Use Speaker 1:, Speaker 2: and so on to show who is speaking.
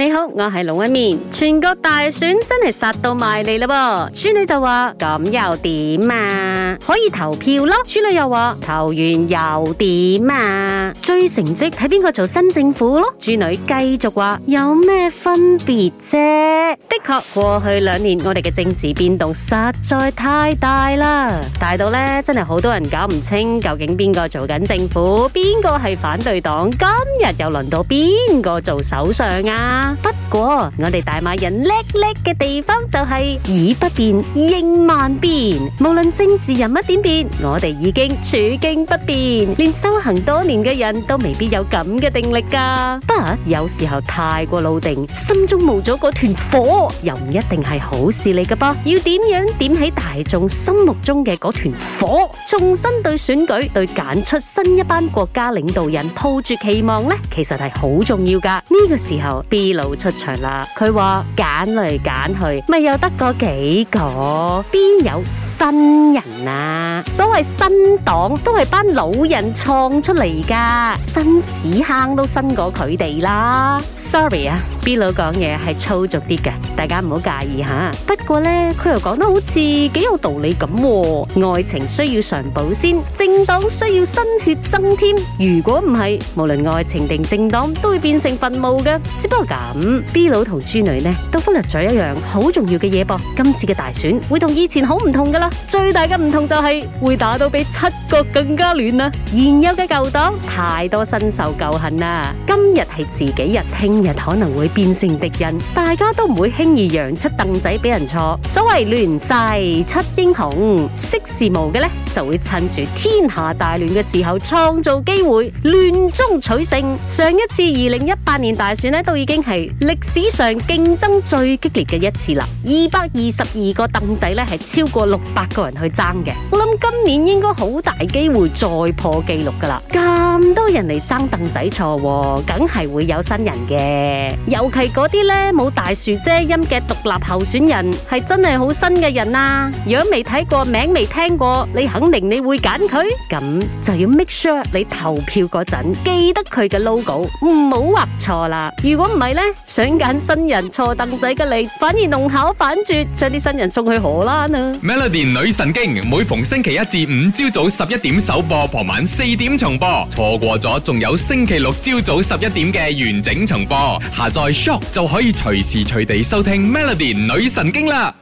Speaker 1: 你好，我係龍紋敏。全國大選真係殺到埋嚟啦！豬女就話咁又點啊？可以投票咯。豬女又話投完又點啊？追成績睇邊個做新政府咯。豬女繼續話有咩分別啫？的確，過去兩年我哋嘅政治變動實在太大啦，大到呢真係好多人搞唔清究竟邊個做緊政府，邊個係反對黨。今日又輪到邊個做首相啊？不過我哋大馬人叻叻嘅地方就係以不變應萬變，無論政治人物點變，我哋已經處境不變。連修行多年嘅人都未必有咁嘅定力噶。不過，有時候太過老定，心中冇咗嗰團火，又唔一定係好事嚟噶噃。要點樣點起大眾心目中嘅嗰團火，重新對選舉、對揀出新一班國家領導人抱住期望呢？其實係好重要噶。呢個時候，B。出場啦，佢話揀嚟揀去，咪又得個幾個，邊有新人啊？所謂新黨都係班老人創出嚟噶，新屎坑都新過佢哋啦。Sorry 啊，b 佬講嘢係粗俗啲嘅，大家唔好介意吓、啊。不過咧，佢又講得好似幾有道理咁、啊。愛情需要常保先，政黨需要新血增添。如果唔係，無論愛情定政黨，都會變成墳墓噶，只不過假。咁 B 佬同豬女呢都忽略咗一樣好重要嘅嘢噃，今次嘅大選會同以前好唔同噶啦，最大嘅唔同就係會打到比七國更加亂啦。現有嘅舊黨太多身受舊恨啦，今日係自己人，聽日可能會變成敵人，大家都唔會輕易讓出凳仔俾人坐。所謂亂世出英雄，識時務嘅呢就會趁住天下大亂嘅時候創造機會，亂中取勝。上一次二零一八年大選呢都已經。係歷史上競爭最激烈嘅一次啦，二百二十二個凳仔咧，係超過六百個人去爭嘅。我諗今年應該好大機會再破紀錄噶啦。咁多人嚟爭凳仔坐，梗係會有新人嘅。尤其嗰啲咧，冇大樹遮蔭嘅獨立候選人，係真係好新嘅人啊！樣未睇過，名未聽過，你肯定你會揀佢？咁就要 make sure 你投票嗰陣記得佢嘅 logo，唔好畫錯啦。如果唔係，想揀新人坐凳仔嘅你，反而弄巧反拙，將啲新人送去荷蘭啊！Melody 女神經，每逢星期一至五朝早十一點首播，傍晚四點重播，錯過咗仲有星期六朝早十一點嘅完整重播。下載 Shock 就可以隨時隨地收聽 Melody 女神經啦！